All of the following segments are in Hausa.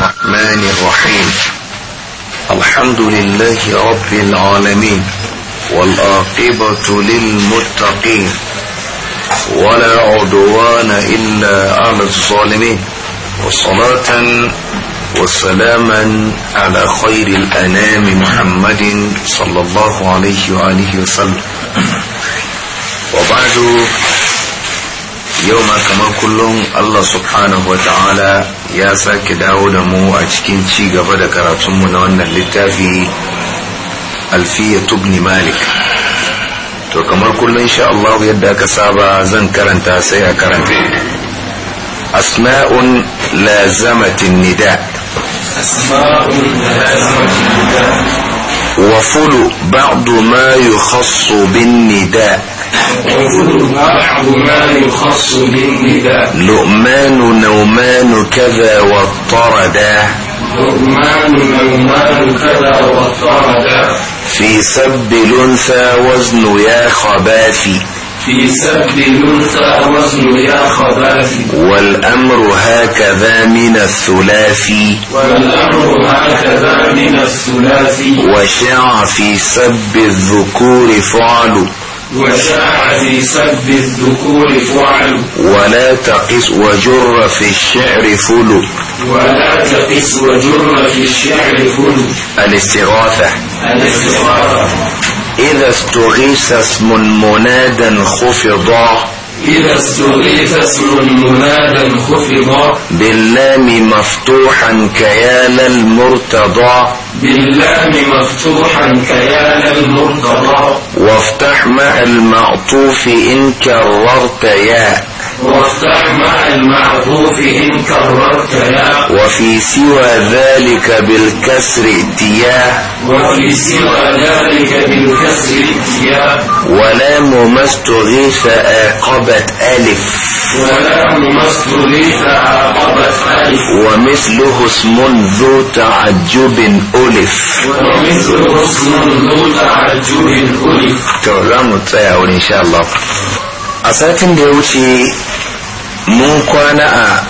الرحمن الرحيم الحمد لله رب العالمين والآقبة للمتقين ولا عدوان إلا على الظالمين وصلاة وسلاما على خير الأنام محمد صلى الله عليه وآله وسلم وبعد يوم كما كلهم الله سبحانه وتعالى يا ساك داود مو أشكين شيء قبل كراتم ونوان في الفية ابن مالك تو كمان كل إن شاء الله يبدأ كسابة زن كرنتا سيا كرنتا أسماء لازمة النداء أسماء لازمة النداء وفل بعض ما يخص بالنداء يخص بالنداء لؤمان نومان كذا واضطردا لؤمان نومان كذا واضطردا في سب الأنثى وزن يا خبافي في سب الأنثى وزن يا خبافي والأمر هكذا من الثلاثي والأمر هكذا من الثلاثي وشاع في سب الذكور فعل وشاع في سب الذكور فعل ولا تقس وجر في الشعر فلو ولا تقس وجر في الشعر فلو الاستغاثة الاستغاثة إذا استغيث اسم منادا خفضا إذا استغيث اسم منادا خفض باللام مفتوحا كيال المرتضى باللام مفتوحا كيال المرتضى وافتح مع المعطوف إن كررت يا وافتح مع إن كررت يا وفي سوى ذلك بالكسر اتياه وفي سوى ذلك بالكسر اتياه ولام ما استغيث آقبت ألف ولام ما استغيث آقبت ألف ومثله اسم ذو تعجب ألف ومثله اسم ذو تعجب ألف ترجمة ساعة إن شاء الله a satin da ya wuce mun kwana a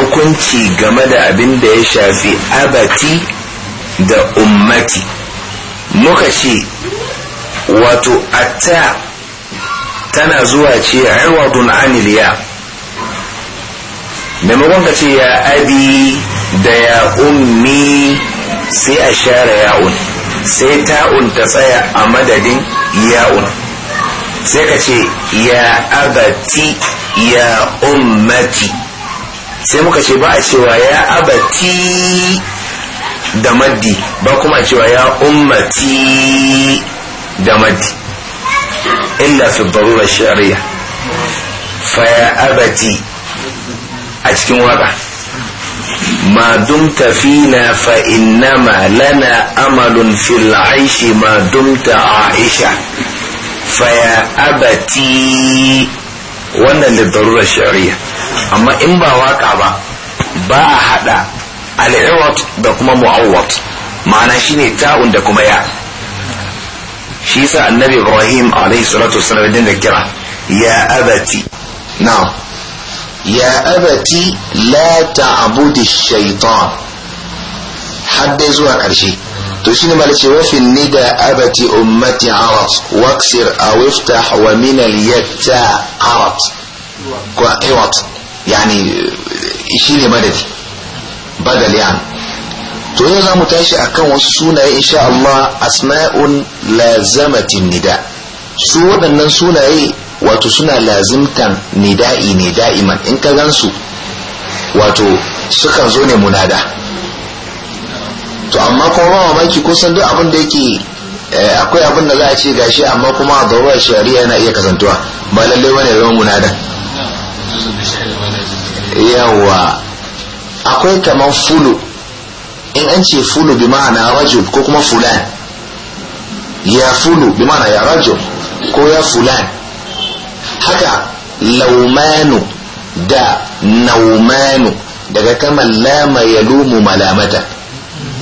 hukunci game da abin da ya shafi abati da ummati muka ce wato atta tana zuwa ce irwadun aniliya maimakon ka ce ya abi da ya ummi sai a share ya'un sai ta'un ta tsaya a madadin ya'un sai ka ce ya abati ya ummati sai muka ce ba a cewa ya abati da maddi ba kuma cewa ya ummati da maddi illa fi darura shari'a fa ya abati a cikin waka na fa فينا lana amalun أمل Aishi ma dumta Aisha? Fa ya abati. wannan da darurar shari'a amma in ba waka ba ba a hada al'iwat da kuma mu'awwat ma'ana shine ta'un da kuma ya shi sa annabi ibrahim alaihi salatu wasallam din da kira ya abati na'am ya abati la ta'budi shaitan har dai zuwa ƙarshe to shine malai ce wafin nida abati ummati arat waksir a wiftah wa min al-yatta ko arat yani eh, shine madadi badal yani to yau za mu tashi akan wasu sunaye insha Allah asma'un lazamatin nida su waɗannan sunaye wato suna lazimtan nida'i ne da'iman in ka gansu wato sukan zo ne munada to amma kuma ba mamaki kusan duk abin da yake eh, akwai abin da za a ce gashi amma kuma a zarurar shari'a yana iya kasantuwa ba lalle wani ya zama da yawa akwai kamar fulu in an ce fulu bi ma'ana rajul ko kuma fulan ya fulu bi ma'ana ya rajul ko ya fulan haka laumanu da naumanu daga kamar lama ya lumu malamata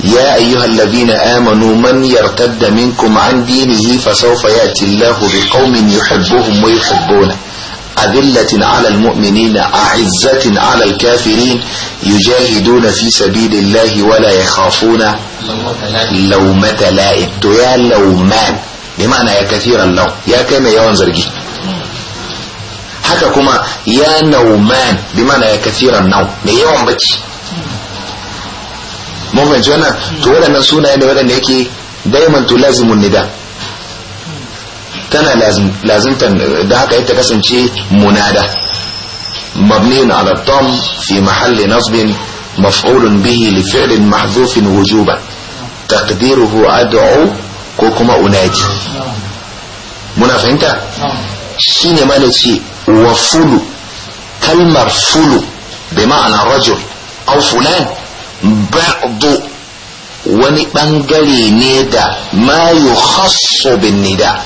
يا أيها الذين آمنوا من يرتد منكم عن دينه فسوف يأتي الله بقوم يحبهم ويحبونه أذلة على المؤمنين أعزة على الكافرين يجاهدون في سبيل الله ولا يخافون لومة لائم يا لومان بمعنى يا كثير اللوم يا كما يا وانزرجي haka كما يا نومان بمعنى يا كثير النوم nau يوم بتي mama jana to waɗannan sunaye ne waɗanda yake daiman to lazimun nida tana lazimta da haka ita kasance munada ala مبني fi mahalli في محل bihi li به لفعل wujuban taqdiruhu ad'u ko kuma unaji muna fahimta shine ma ce wa fulu kalmar fulu bai ma'ana rajul aw fulan ba'du wani bangare ne da ma yukhassu bin nida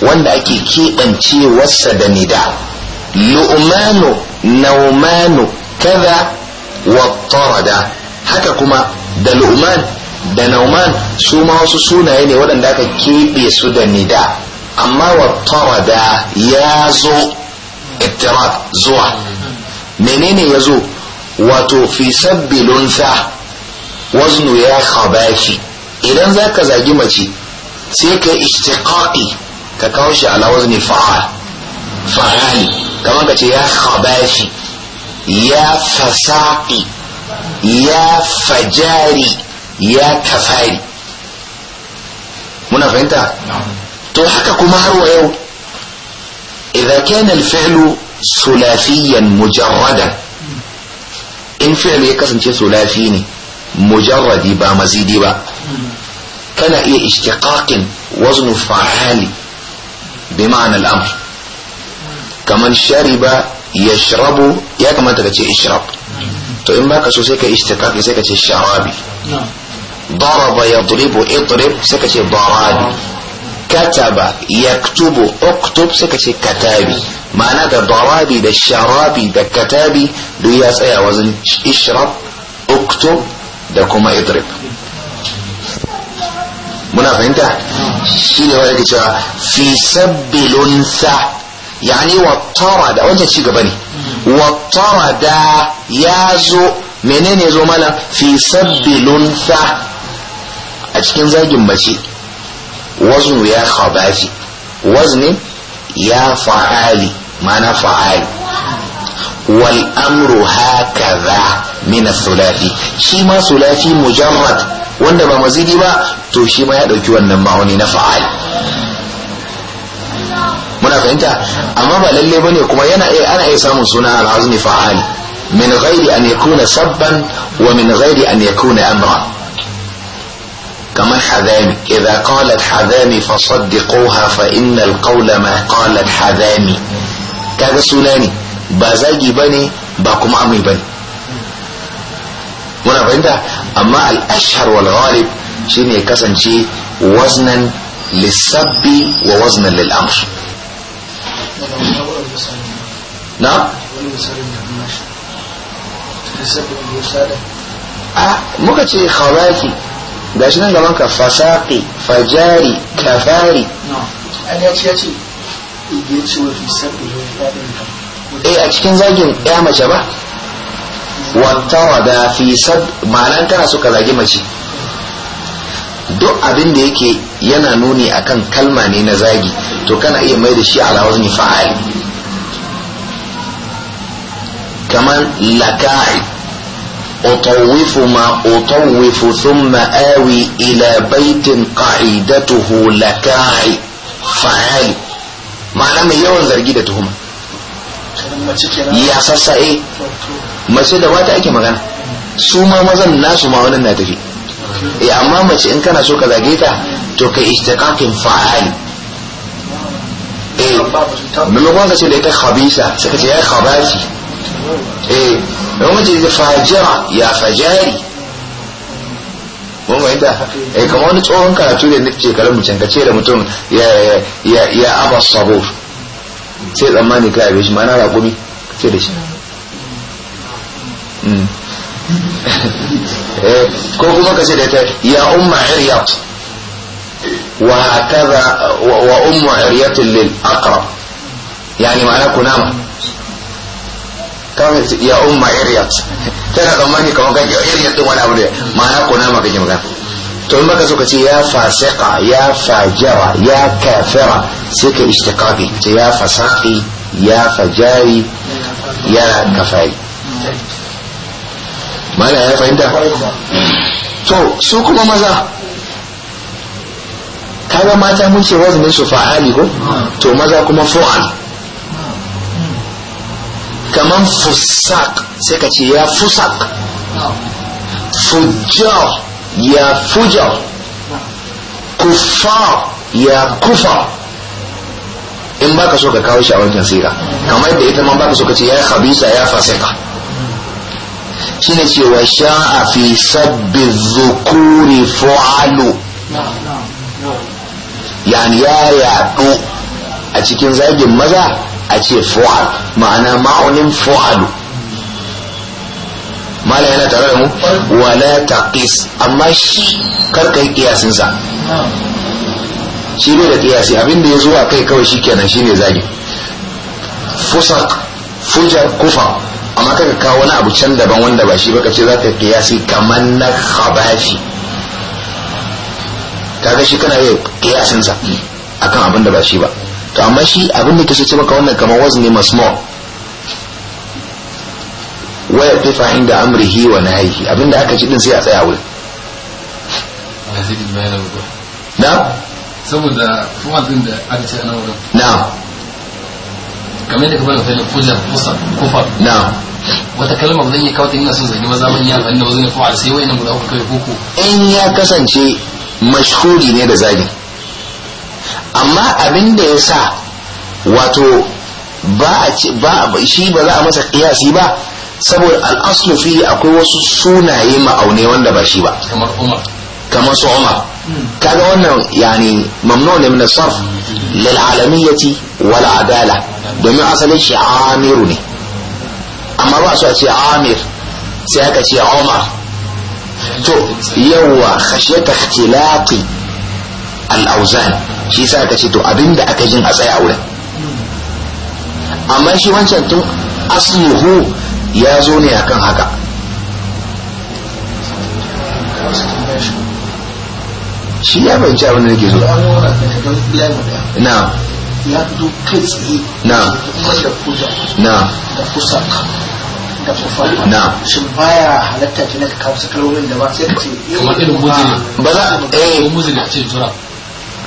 wanda ake keɓance wasa da nida lu'manu naumanu kaza wa tarada haka kuma da lu'man da nauman su ma wasu sunaye ne waɗanda aka keɓe su da nida amma wa tarada ya zo ittirab zuwa menene ya zo wato fi sabbilun sa waznu ya khabashi idan za ka zagi mace sai ka istiqaqi ka kawo shi ala wazni fa'al fa'ali kamar ka ce ya khabashi ya fasaqi ya fajari ya kafari muna fahimta to haka kuma har wa yau idan kana al sulafiyan sulasiyan mujarradan in fi'il ya kasance sulafi ne mujarradi ba mazidi ba kana iya ishtiqaqin wazn fa'ali bi ma'ana al-amr kaman shariba yashrabu ya kamata ka ce ishrab to in baka so sai ka ishtiqaqi sai ka ce sharabi ضرب يضرب اضرب سكتي ضرابي كتب sai ka سكتي katabi. ma'ana da darabi da sharabi da katabi duk ya tsaya wajen ishrab uktub da kuma idrib muna fahimta shi ne wanda cewa fi sabbilun sa yani wattara da wajen ci gaba ne wattara da ya zo menene zo mana fi sabbilun sa a cikin zagin mace waznu ya khabaji wazni ya fa'ali معنى فعال والأمر هكذا من الثلاثي شي ما ثلاثي مجرد wanda ba mazidi ba to shi ma ya ɗauki wannan ma'auni na fa'al muna fahimta amma ba lalle ba ne kuma yana ana iya samun suna al'azmi fa'al min ghairi an yakuna sabban wa min ghairi an yakuna amra كما حذامي إذا قالت حذامي فصدقوها فإن القول ما قالت حذامي kaga suna ne ba zagi ba ne ba kuma amai ba ne muna fahimta amma al'ashar wal ghalib shine ya kasance waznan lissabbi wa waznan lil'amr na? a muka ce khawaki gashi nan gaban ka fasafi fajari kafari an ya ce eh a cikin zagin ya mace ba wata da fi sad malan tana suka zagi mace duk abin da yake yana nuni akan kalma ne na zagi to kana iya mai da shi ala wazni fa'ali kamar laka'i أطوف ما أطوف ثم آوي إلى بيت قاعدته لكاعي فعالي ma'ana mai yawan zargi da tuhuma ya sassa e mace da wata ake magana su ma mazan nasu ma wannan na tafi e amma mace in kana so ka zage ta to kai istiqaqin fa'ali eh maimakon ka ce da ita khabisa suka ce ya khabasi eh maimakon ce da fajira ya fajari mun mai da eh kamar wani tsohon karatu da nake shekarun mu cankace da mutum ya ya ya aba sabur sai tsammani ka yabe shi mana raƙumi ce da shi ko kuma ka ce da ta ya umma iryat wa hakaza wa umma iryatin lil aqrab yani ma'ana kunama kawai ta ya umma iriyat tana tsammani kamar kan iriyat din wani abu da ma'ana ko nama kake magana to in baka so ka ce ya fasika ya fajara ya kafira sai ka ishtiqaqi ce ya fasaqi ya fajari ya kafari mana ya fahimta to su kuma maza kaga mata mun ce wazanin su fa'ali ko to maza kuma fu'al zaman fusak sai ka ce ya fusak fujar ya fujar Kufar ya kufa in baka so ka kawo shi a sira kamar da ita man baka so ka ce ya habisa ya fasika ne ce wa sha'a fi sabbi zukuri fu'alu yani ya yaɗu a cikin zagin maza a ce fu'al ma'ana ma'aunin fu'alu mala yana tare da mu wala taqis amma shi karkai yi kiyasin sa shi bai da kiyasi abinda ya zuwa kai kawai shi shi ne zagi fusak fujar kufa amma kaka kawo wani abu can daban wanda ba shi ba ka ce za ka kiyasi kamar na khabashi kaga shi kana yi kiyasin sa akan abin da ba shi ba to amma shi abin da ke so ce maka wannan kamar wazni masmu' wa yaqifa inda amrihi wa nahyihi abinda aka ci din sai a tsaya wurin na saboda fumal din da aka ce ana wurin na kamar da kamar da fujar kusa kufa. na wata kalma ba zan yi kawata ina son zagi maza ban yi amfani da wazin fu'al sai wayannan guda uku kai koko in ya kasance mashhuri ne da zagi amma abin da ya sa wato ba a shi ba za a masa kiyasi ba saboda al'aslu fi akwai wasu sunaye ma'aune wanda ba shi ba kamar su umar kaga wannan yani mamnu ne min sarf lil alamiyyati wal adala domin asalin shi amiru ne amma ba su a ce amir sai aka ce umar to yawa khashiyata ikhtilati al-awzan shi sa ka ce to abin da aka jin a tsaya wurin amma shi wancan tun asluhu ya zo ne akan haka shi ya bayanci abin da nake zo na ya fito kai tsaye na da na da kusa da na baya halatta ki na kawo su da ba sai ka ce ba za eh. a eh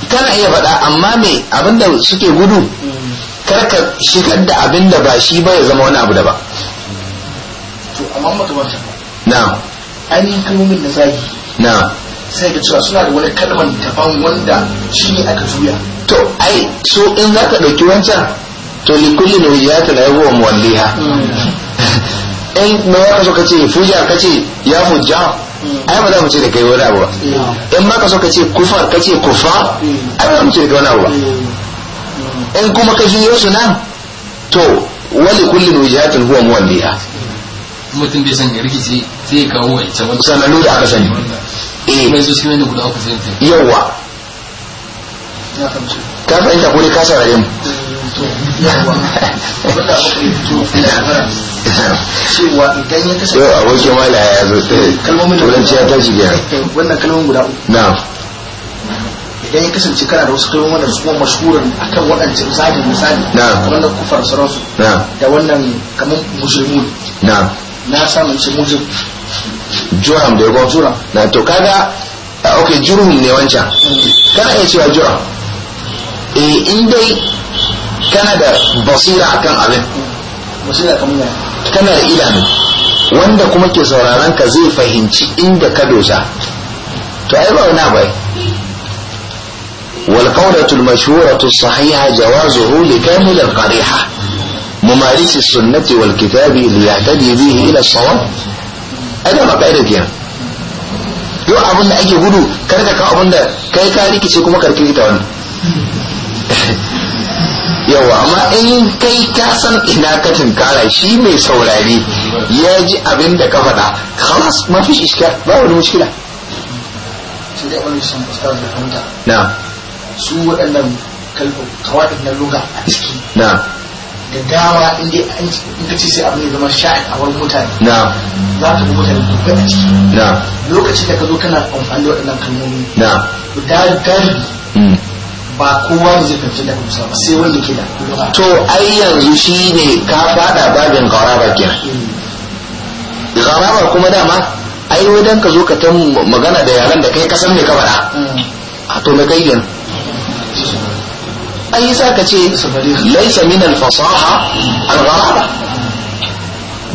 kana iya faɗa amma me abinda suke gudu karka shigar da abinda ba shi ba ya zama wani abu da ba to amma mutum wata na yi kalmomin da zagi na sai ka cewa suna da wani kalmar daban wanda shi ne aka juya to ai so in za ka ɗauki wancan to likulli ne ya ta laibu wa muwalliha mm. in me ya kaso ka ce fuja ka ce ya fujja ai ba za mu ce da kai wani abu ba in ba ka so ka ce kufa ka ce kufa mm. ai ba za mu ce da kai wani abu ba mm. in kuma ka juyo su nan to wali kullin wijhatun huwa muwalliha mutum bai san ya rikici sai ya kawo wani sanannu da aka sani eh mai cewa idan ya kasance yau abokin mala ya zo kalmomin da turanci ta shi gina wannan kalmomin guda uku na idan ya kasance kana da wasu kalmomin da su kuma mashhuran akan waɗancan misali misali na wannan kufar sarausu na da wannan kamar mujrimun na na samun ce mujrim juram da ya juram na to kaga ok jurum ne wancan mm. kana iya cewa juram eh in dai kana da basira akan abin mm. basira kan kamar kana da wanda kuma ke sauraron ka zai fahimci inda ka dosa to ai ba wani abai wal qawlatul mashhuratu sahiha jawazuhu li kamil al qariha sunnati ممارس السنة والكتاب ليعتدي به إلى الصواب أنا ما قاعدة كيان yau abin da ake gudu karka ka abin da kai ka rikice kuma karki ita wannan yawa amma in kai ka san ina ka tunkara shi mai saurari ya ji abin da ka faɗa khalas ma fi iska ba wani mushkila sai dai wani san fuskar da fahimta na su waɗannan kalbin kawai na luga a ciki na da dama in dai in ka ce sai abin ya zama sha'in a wani mutane na za ka ga mutane dubbai a ciki na lokacin da ka zo kana amfani da waɗannan kalmomi na da galibi ba kowa zai fahimci da kusa ba sai wanda ke da to ai yanzu shi ne ka fada babin garaba ke garaba kuma dama ai wadan ka zo ka tan magana da yaran da kai kasan ka kabara a to me kai gina ai sa ka ce laisa min al-fasaha al-garaba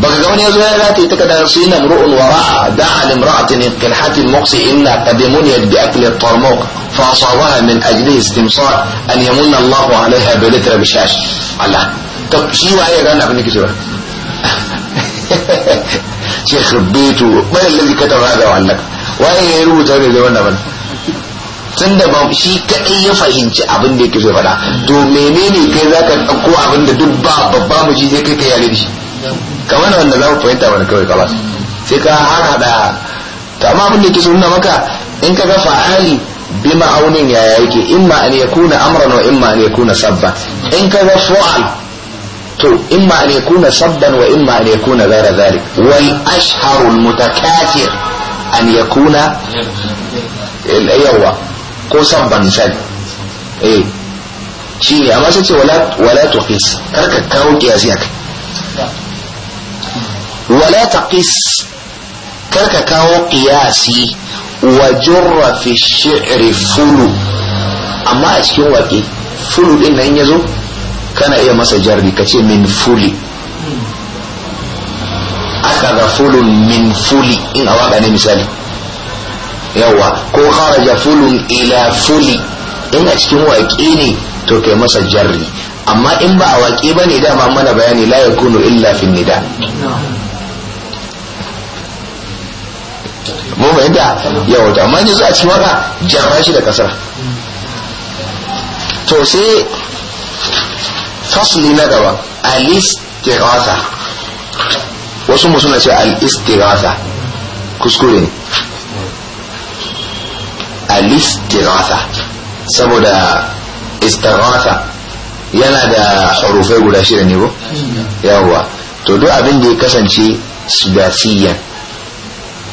بغزوني زهيرة تكدا يصين امرؤ وراء دعا لامرأة قنحة المقص إلا قد منيت بأكل الطرموق فأصابها من أجله استمصار أن يمن الله عليها بلتر بشاش الله طب شو هي غنى ابنك شيخ بيته من الذي كتب هذا وعلك وين يروي تاني زمان ابن tunda ba shi kadai ya fahimci abin da yake so fada to menene kai zaka dauko abin da duk kamar wanda za mu fahimta wani kawai kalas sai ka har hada to amma abin da yake sunna maka in ka ga fa'ali bi ma'aunin yaya yake in ma an yakuna amran wa in ma an yakuna sabban in ka ga fa'al to in ma an yakuna sabban wa in ma an yakuna ghayra zalik wal ashharu al mutakathir an yakuna al aywa ko sabban misali eh shi ne amma sai ce wala wala tuqis karka kawo kiyasi akai wala kar ka kawo qiyasi wa jurra shi'ri fulu amma a cikin waƙe fulu din nan yazo kana iya masa jarri kace min fuli akaza fulun min fuli in a waƙa ne misali yawa ko kharaja fulun ila fuli in a cikin waƙe ne to kai masa jarri amma in ba a waƙe ba ne dama mana bayani la yakunu illa fin nida mun fahimta ya wata amma yanzu a cikin waka shi da kasar to sai fasli na gaba al-istighatha wasu mu suna ce al-istighatha kuskure ne al-istighatha saboda istighatha yana da harufai guda shida ne ba yawwa to duk abin da ya kasance sudasiyan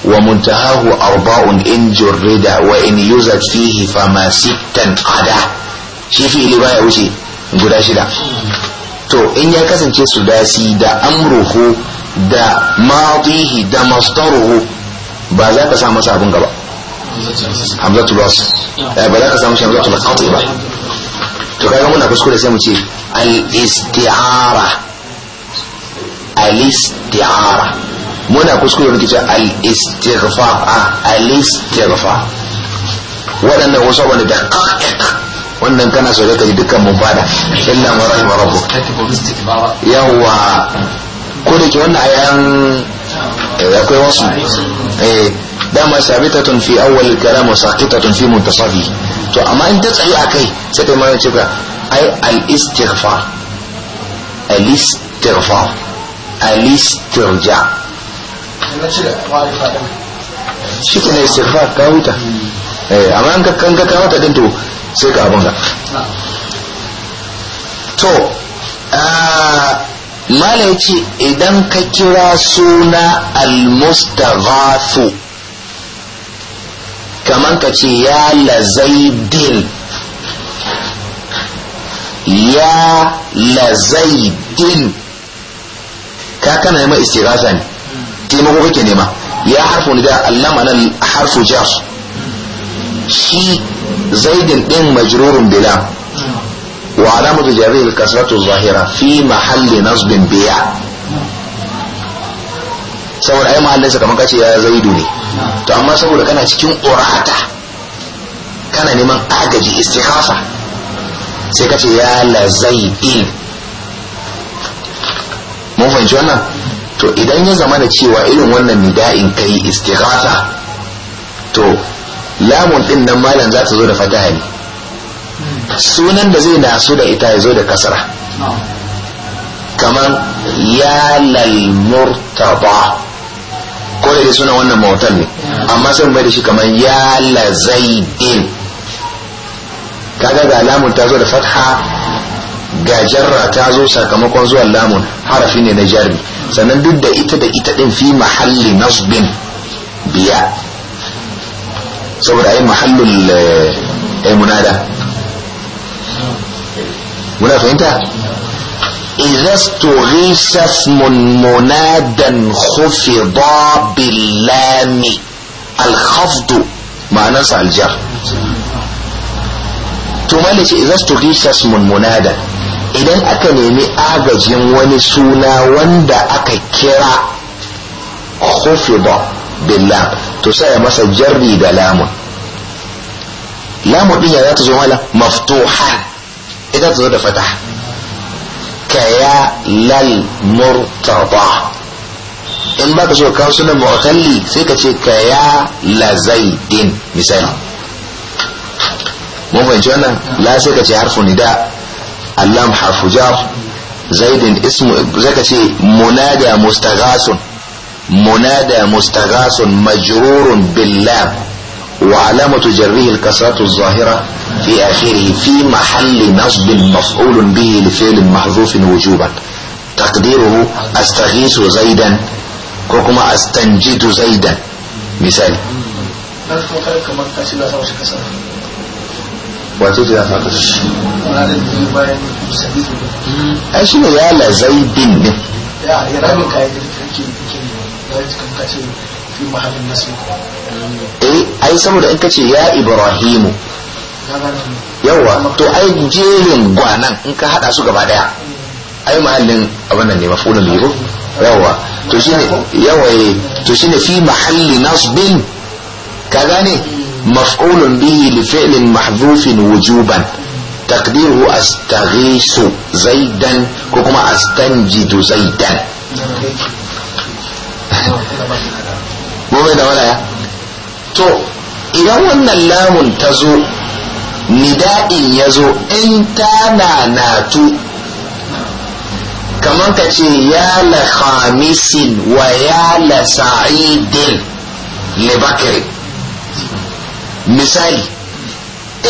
ومنتهاه أرباع إن جرد وإن يزد فيه فما ستا قدا شي في إلي بايا وشي guda shida to in ya kasance sudasi da amruhu da madihi da mastaruhu ba za ka sa masa abin gaba hamzatu ba za ka samu hamzatu bas qati ba to kaga muna kuskure sai mu ce al isti'ara muna kuskure muke ce al-istighfar a al-istighfar waɗannan wasu wani da ƙaƙaƙ wannan kana so ka ji dukkan mun illa illa ma rahima rabbu yawa ko da ke wannan ayan eh, akwai wasu eh dama sabitatun fi awwal kalam wa saqitatun fi muntasafi to amma in ta a akai sai kai mai ce ai al-istighfar al-istighfar al-istirja na cire ma'arifa din shi ke na ka huta eh, amma an ka kan ka kawo ta sai ka abun ga to mala ce idan ka kira suna almustaghafu kamar ka ce ya lazaidin ya lazaidin ka kana yi ma istighatha ne taimako kake nema ya harfu nida allama nan harfu jar shi zaidin din majrurun bila wa alamatu jarrihi kasratu zahira fi mahalli nasbin biya saboda ai mahallinsa kamar kace ya zaidu ne to amma saboda kana cikin urata kana neman agaji istikhafa sai kace ya la mun fahimci wannan to idan ya zama da cewa irin wannan nida'in kai istighatha to lamun din nan malam za ta zo da fataha ne sunan da zai nasu da ita ya zo da kasara kamar ya lalmurtaba ko da suna wannan mautan ne amma sai mai da shi kamar ya lazaidin kaga ga lamun ta zo da fatha ga jarra ta zo sakamakon zuwan lamun harafi ne na jarri sannan duk da ita da ita din fi mahalli nasbin biya saboda ai mahallul ai munada muna fahimta إذا استغيث اسم منادا خفض باللام الخفض معناه الجر ثم إذا استغيث اسم منادا idan aka nemi agajin wani suna wanda aka kira khufida billah to sai ya masa jarri da lamun lamun din ya zata zo mala maftuha idan ta zo da fatah kaya lal murtada in baka so kawo sunan mu'talli sai ka ce kaya la zaidin misali mun fahimci wannan la sai ka ce harfu nida اللام حرف جار زيد اسم زكتي منادى مستغاث منادى مستغاث مجرور باللام وعلامة جره الكسرة الظاهرة في آخره في محل نصب مفعول به لفعل محذوف وجوبا تقديره أستغيث زيدا كما أستنجد زيدا مثال wato ce a ta kashe shi a shi ne ya lazai bin ne eh ai saboda in kace ya ibrahimu yawa to ai jerin gwanan in ka hada su gaba daya ai mahallin abin nan ne mafulun biyu yawa to shine yawa eh, to shine fi mahalli nasbin ka gane مفعول به لفعل محذوف وجوبا تقديره استغيث زيدا كما استنجد زيدا مو ولا يا تو اذا وانا لام تزو نداء يزو انت ناتو كما تشي يا لخامس ويا لسعيد لبكري misali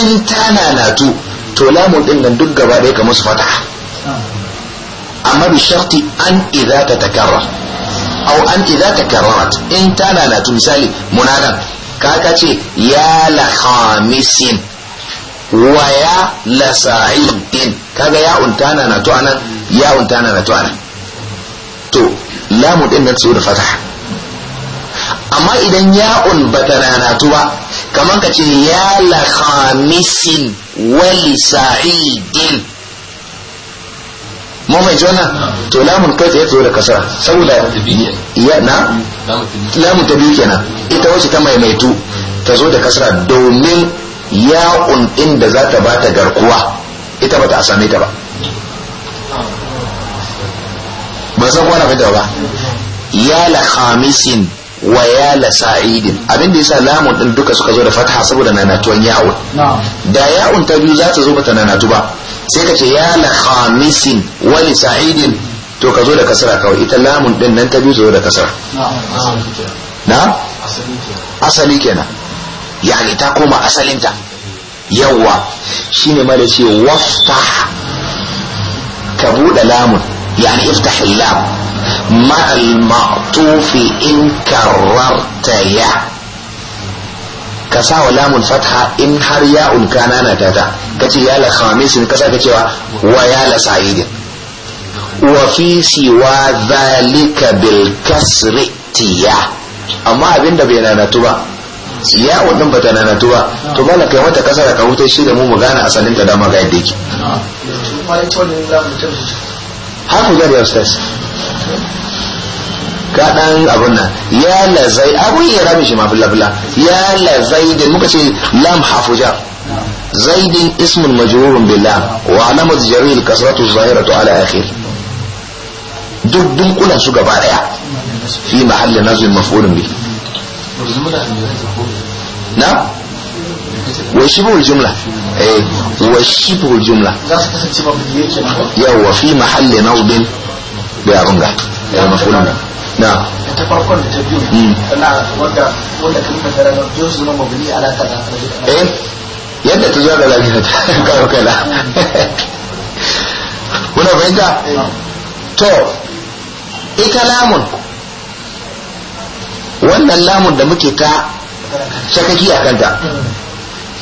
in ta nanatu to lamun din nan duk gaba ɗaya kamar su fataha amma bi sharti an idza tatakarra aw an idza takarrarat in ta nanatu misali munadan kaka ce ya la khamisin wa ya la sa'idin kaga ya unta nanatu anan ya unta nanatu anan to lamun din nan su da fataha amma idan ya'un bata ta ranatu ba kamar ka ce ya la khamisin wali sa'idin mu mai jona to lamun kai tsaye zo da kasara saboda ya na lamun ta biyu kenan ita wacce ta maimaitu ta zo da kasara domin ya'un din da za ta bata garkuwa ita bata ta same ta ba ba san kwana fita ba ya la khamisin wa ya la sa'idin abin da yasa lamun din duka suka zo da fatha saboda nanatuwan ya'u da ya'un ta biyu za ta zo bata nanatu ba sai ka ce ya la khamisin wa li sa'idin to ka zo da kasara kawai ita lamun din nan ta biyu zo da kasara na asali kenan yani ta koma asalinta yawa shine ma da ce waftah ka buɗe lamun yani iftahil lam مع المعطوف إن كررت يا كسا ولام الفتحة إن حرياء كانانا تاتا كتي يا لخامس كسا كتي ويا لسعيد وفي سوى ذلك بالكسر تيا أما أبين دبينا نتوبة ya wannan bata na natu ba to ba kai wata kasara ka wuta shi da mu mu gane asalin ta dama ga yadda yake har ku gari ya ustaz kaɗan abun nan ya lazai abun ya rami shi ma fulla fulla ya lazai da muka ce lam hafujar zaidin ismun majrurun billah wa alamat jarir kasratu zahiratu ala akhir duk dunkulan su gaba daya fi mahalli nazmin maf'ulun bi na wa shibhul jumla eh wa shibhul jumla yawa fi mahalli nazmin da abin ga ya mafulun nan na ta farkon da ta biyu hmm. tana wanda wanda kalmar ta ranar biyu su mabuni ala da eh yadda ta zuwa ga lafiya ta kawo kaza kuna fahimta eh. to ita lamun wannan lamun da muke ta shakaki a kanta hmm.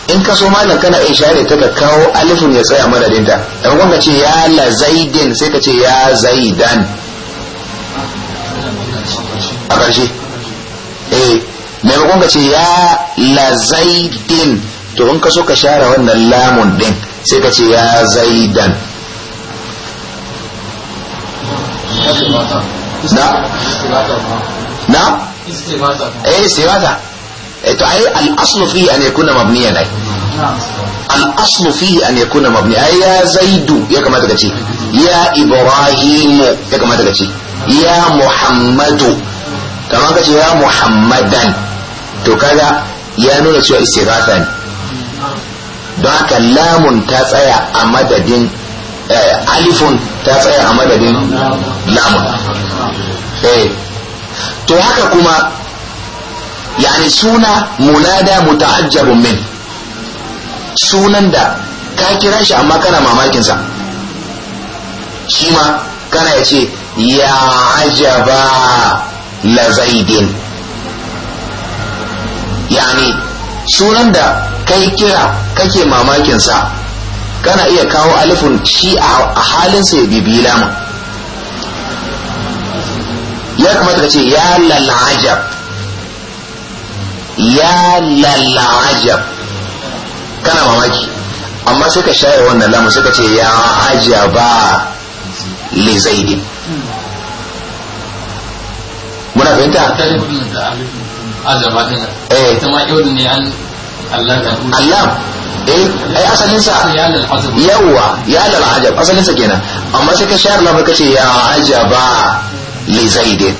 in ka so malam kana iya share ta ka kawo alifin ya tsaya madadinta daga kuma ce ya la zaidin sai ka ce ya zaidan a ƙarshe eh maimakon ka ce ya la zaidin to in ka so ka share wannan lamun din sai ka ce ya zaidan na na istimata eh, Eh, to ai al-aslu fi an yakuna mabniyan ai al-aslu fi an yakuna mabni ai ya zaidu ya kamata ka ya ibrahimu ya kamata ka ya muhammadu kamar ka ya muhammadan to kaga ya nuna cewa istighatha ne don haka lamun ta tsaya a madadin eh, alifun ta tsaya a madadin lamun eh, to haka kuma yani suna munada muta'ajjabun min sunan da ka kira shi amma kana mamakin sa shi ma kana ya ce ya ajaba la zaidin yani sunan da kai kira kake mamakin sa kana iya kawo alifun shi a halinsa ya bibiyi lamun ya kamata ka ce ya ajab ya lalajab kana mamaki amma suka shaye wannan lamu suka ce ya ajaba li zaidin muna fahimta eh. Allah eh ai asalin sa yawa ya lalajab asalin sa kenan amma suka shaye lamu ce ya ajaba li zaidin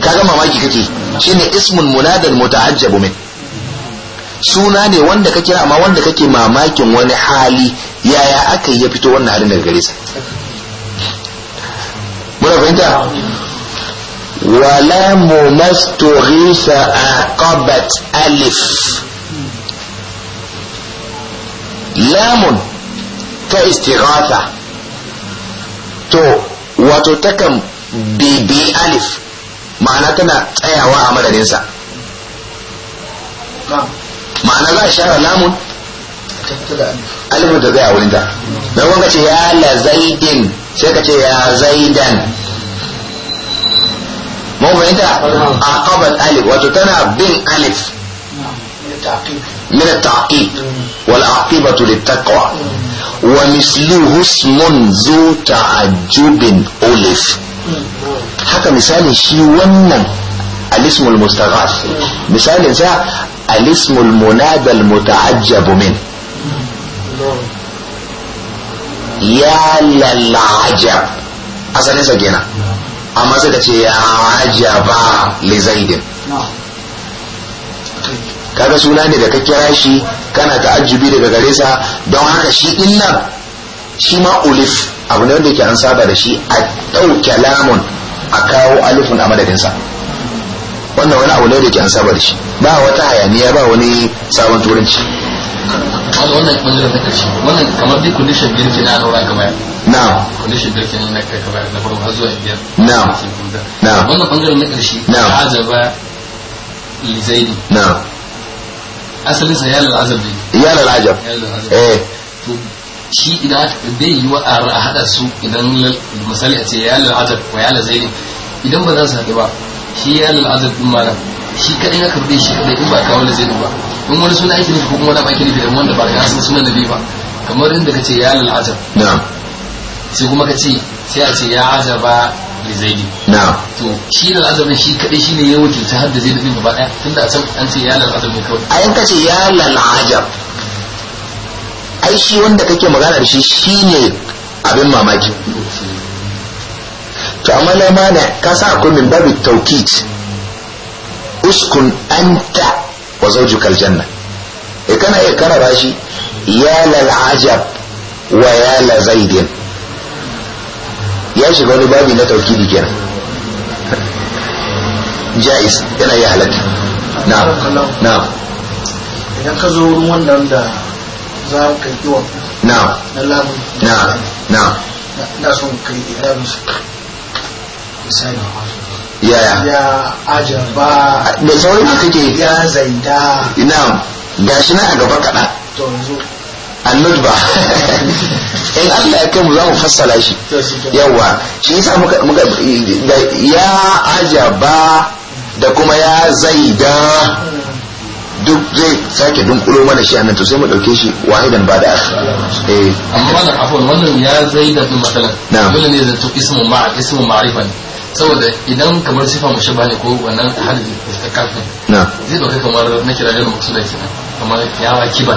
kaga mamaki kake shine ismun munadal muta'ajjabu min suna ne wanda ka kira amma wanda kake mamakin wani hali yaya aka yi ya fito wannan halin daga gare sa muna fahimta wala mumastu ghisa aqabat alif lamun ta istighatha to wato takan bb alif ma'ana tana tsayawa a madadinsa ma'ana za a share lamun alifin ta tsaya wurin ta don kuma ce ya la zaidin sai ka ce ya zaidan mun fahimta a kabar alif wato tana bin alif من التعقيب والعاقبة للتقوى ومثله اسم ذو تعجب ألف haka misalin shi wannan alismul mustaghas misalin sa alismul munadal muta'ajjabu min ya lalajab asalin sa kenan amma sai ka ce ya ajaba li zaidin kaga suna ne da ka kira shi kana ta'ajjubi daga gare sa don haka shi illan shi ma ulif abu ne wanda yake an saba da shi a ɗauke lamun a kawo alifun a madadinsa wannan wani abu ne da yake an saba da shi ba wata hayaniya ba wani sabon turanci wannan wannan bangaren na karshe wannan kamar dai condition biyar ke na aura kamar na condition biyar ke na kamar na farko har zuwa biyar na na wannan bangaren na karshe na azaba lizaidi na asalin sa yalal azab ne yalal ajab eh shi idan bai yi wa a hada su idan misali a ce ya lalazar wa ya lazai idan ba za su haɗu ba shi ya lalazar ɗin malam shi kaɗai na karɓe shi kaɗai in ba kawo lazai ba in wani suna ake nufi ko kuma wani ba ake nufi da wanda ba ka san sunan nabi ba kamar inda ka ce ya lalazar sai kuma ka ce sai a ce ya ba da zaidi to shi da azabin shi shi ne ya wakilta har da zaidi gaba tun tunda a can an ce ya lal ne kawai a yanka ce ya lal ai shi wanda kake magana da shi shine abin mamaki to amma na mana ka sa akwai min babu taukit uskun anta wa zaujukal janna e eh, kana e kana bashi ya lal ajab wa ya la ya shiga wani babi na taukidi kenan jaiz yana yi halatta na na idan ka zo wurin wanda za ka yi wa na lamun na na na son ka yi lamun shi misali yaya ya ajaba ah, da sauran da kake ya zaida na gashi na a gaba kaɗan to yanzu annudba in Allah ya kai mu za mu fassala shi yawa shi yasa muka muka ya ajaba da kuma ya zaida hmm. duk zai sake dunkulo mana shi annan to sai mu dauke shi wahidan ba da eh amma wannan Afon wannan ya zai da masalan dole ne to ismu ma ismu ma'rifa saboda idan kamar sifa mushabba ne ko wannan hadisi ta kafin zai dauka kamar na kira da mutum da kina kamar ya kiba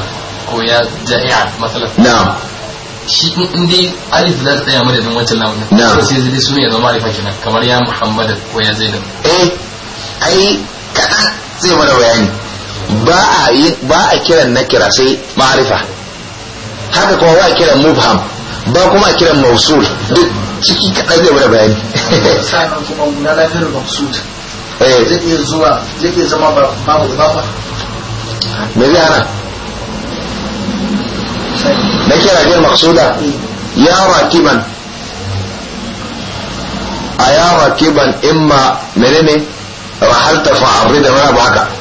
ko ya ja'i'a masalan na'am shi in dai alif da ta da madadin wancan lamunin na'am sai zai sunan ya zama alifa kenan kamar ya muhammad ko ya zaidan eh ai kaɗan zai mara wayani ba a yi ba a kiran nakira sai ma'arifa haka kuma ba a kiran mubham ba kuma a kiran mausul duk ciki kaɗan zai wani bayani sa'an kuma na lafiyar mausul eh. zai iya zuwa zai iya zama babu ba. me zai hana na kira biyar maksuda eh. ya rakiban a ya rakiban imma menene rahalta fa'arri da wani abu haka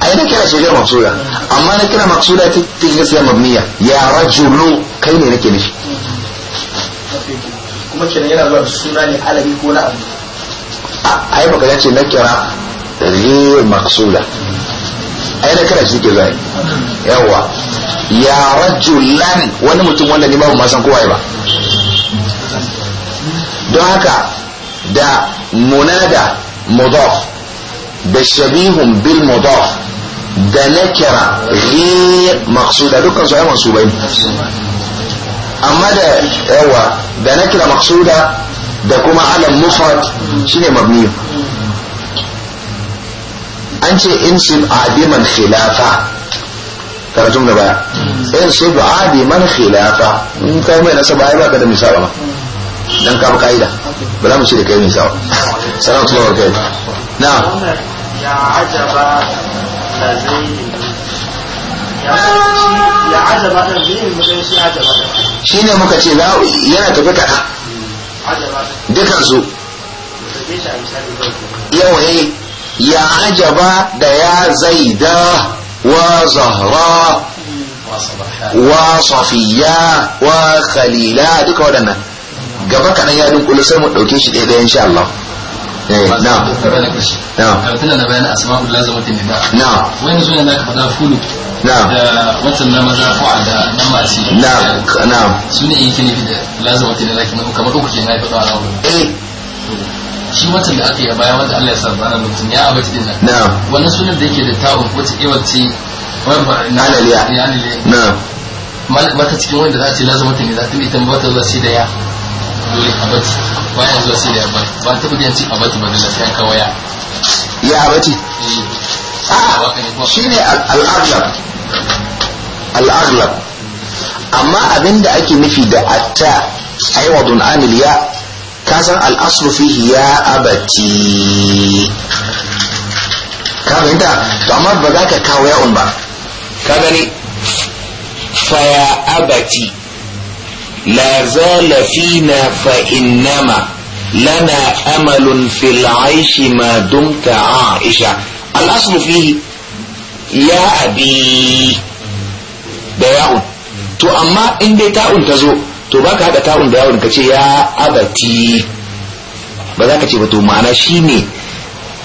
ai da kira ce ga maksuda amma na kira maksuda ta cikin gaskiya mabniya ya rajulu kai ne nake nishi kuma kenan yana zuwa suna ne alabi ko na abu ai ya yace na kira ri maksuda ai na kira shi ke zai yawa ya rajulan wani mutum wanda ni babu masan kowa ba don haka da munada mudaf ده شبيه بالمضاف ده نكرة غير مقصودة كان صحيح منصوبين إيه؟ أما ده هو ده نكرة مقصودة ده كما علم مفرد شنو مبني أنت انسب عادما خلافة ترى جملة بقى انسب عادما خلافة انت يومين نسب عادما كده مثال ما dan ka bi ka'ida ba za mu سلام da kai mai ya ajaba da zaidin ya sauci ya ajaba da zaidin mutum shi ajaba da shi ne muka ce yana tafi kaɗa dukansu yawaye ya ajaba da ya zaida wa zahra wa safiya wa khalila duka waɗannan gaba kanan ya dunkulu sai mu ɗauke shi ɗaya ɗaya insha Allah Eh, na na na na da watan a da na na na sunan da ya a eh. shi watan da aka yi baya wanda Allah ya sa bana mutum ya abaci din nan na Wani sunan da yake da tawun wata kewace warba na alaliya na mata cikin wanda za ce lazimatin nida tun ita ba ta zuwa shi da ya dole abati baya zuwa sai da abati ba ta bugan ci abati ba dole sai ka waya ya abati a eh. shine al-aghlab al-aghlab amma abinda ake nufi da atta aiwadun anil ya ka san al-aslu fihi ya abati ka fahimta to amma ba za ka kawo ya'un ba ka gani faya abati لا زال فينا فإنما لنا أمل في العيش ما دمت عائشة الأصل فيه يا أبي دياون تو أما إن دي تاون تزو تو باك هذا تاون دياون كتي يا أبتي بذا كتي بتو معنى شيني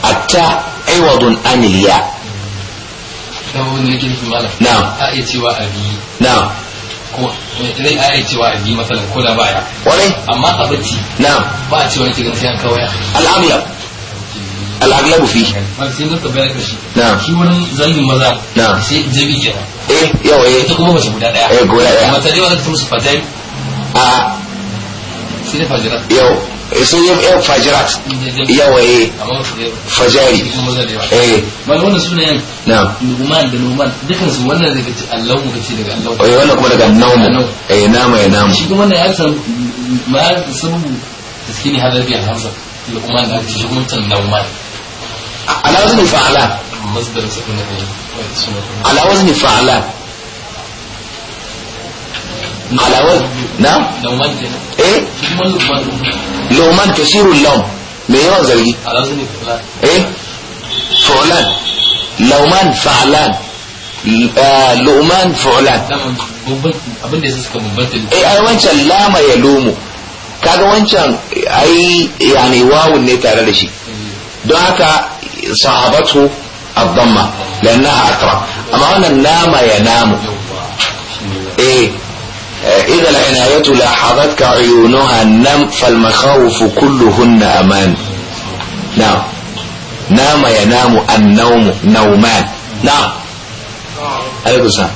أتا عوض أن اليا نعم نعم ko zai ƙare cewa a bi matsalar ko da baya wani amma a bacci na ba a cewa ki ganin sai an kawo al'aglabu fi ba sai na tabbaya kashi na shi wani zangin maza na sai jabi kenan eh yawa eh ita kuma mace guda daya eh guda daya mata dai wannan tun su fadai a sai da fadira yau Eh, sun yi yan fajirat yawaye eh. fajari eh wannan sunayen na numan da numan dukkan su wannan daga Allah muka ce daga Allah eh wannan kuma daga naumu eh nama ya namu shi kuma wannan ya san ma sabu taskini hadafi al hamza luqman da ake shi mutan nauman ala wazni fa'ala masdar sakuna ala wazni fa'ala alawai na eh loman kasirun laum me yawan zargi eh fulan lauman fa'lan eh, loman fulan eh ai wancan lama ya lomo kaga wancan ai yani wawun ne tare da shi don haka sahabatu abdamma lannaha akram amma wannan nama ya namu eh آه، إذا العناية لاحظتك عيونها النم فالمخاوف كلهن أمان نعم نام ينام النوم نومان نعم هذا هو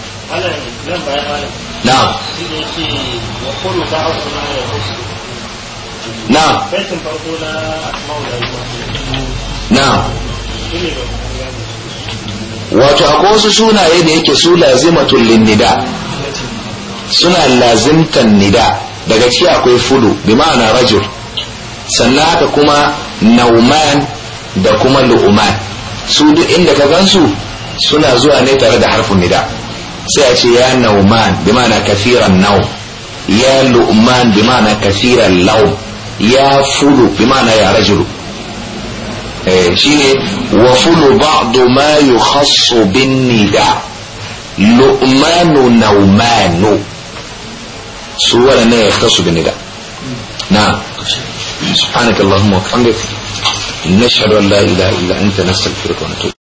نعم نعم نعم wato akwai wasu sunaye da yake suna lazimtan nida daga ci akwai fudu bi ma'ana rajul sannan haka kuma nauman da kuma lu'uman su duk inda ka gansu suna zuwa ne tare da harfin nida sai a ce ya nauman bi ma'ana kafiran nau ya lu'uman bi ma'ana kafiran lau ya fudu bi ma'ana ya rajulu eh, ne wa fulu ba'du ma yukhassu bin nida lu'manu naumanu su waɗannan ya fita su na سبحانك اللهم وبحمدك نشهد ان لا اله الا انت نستغفرك ونتوب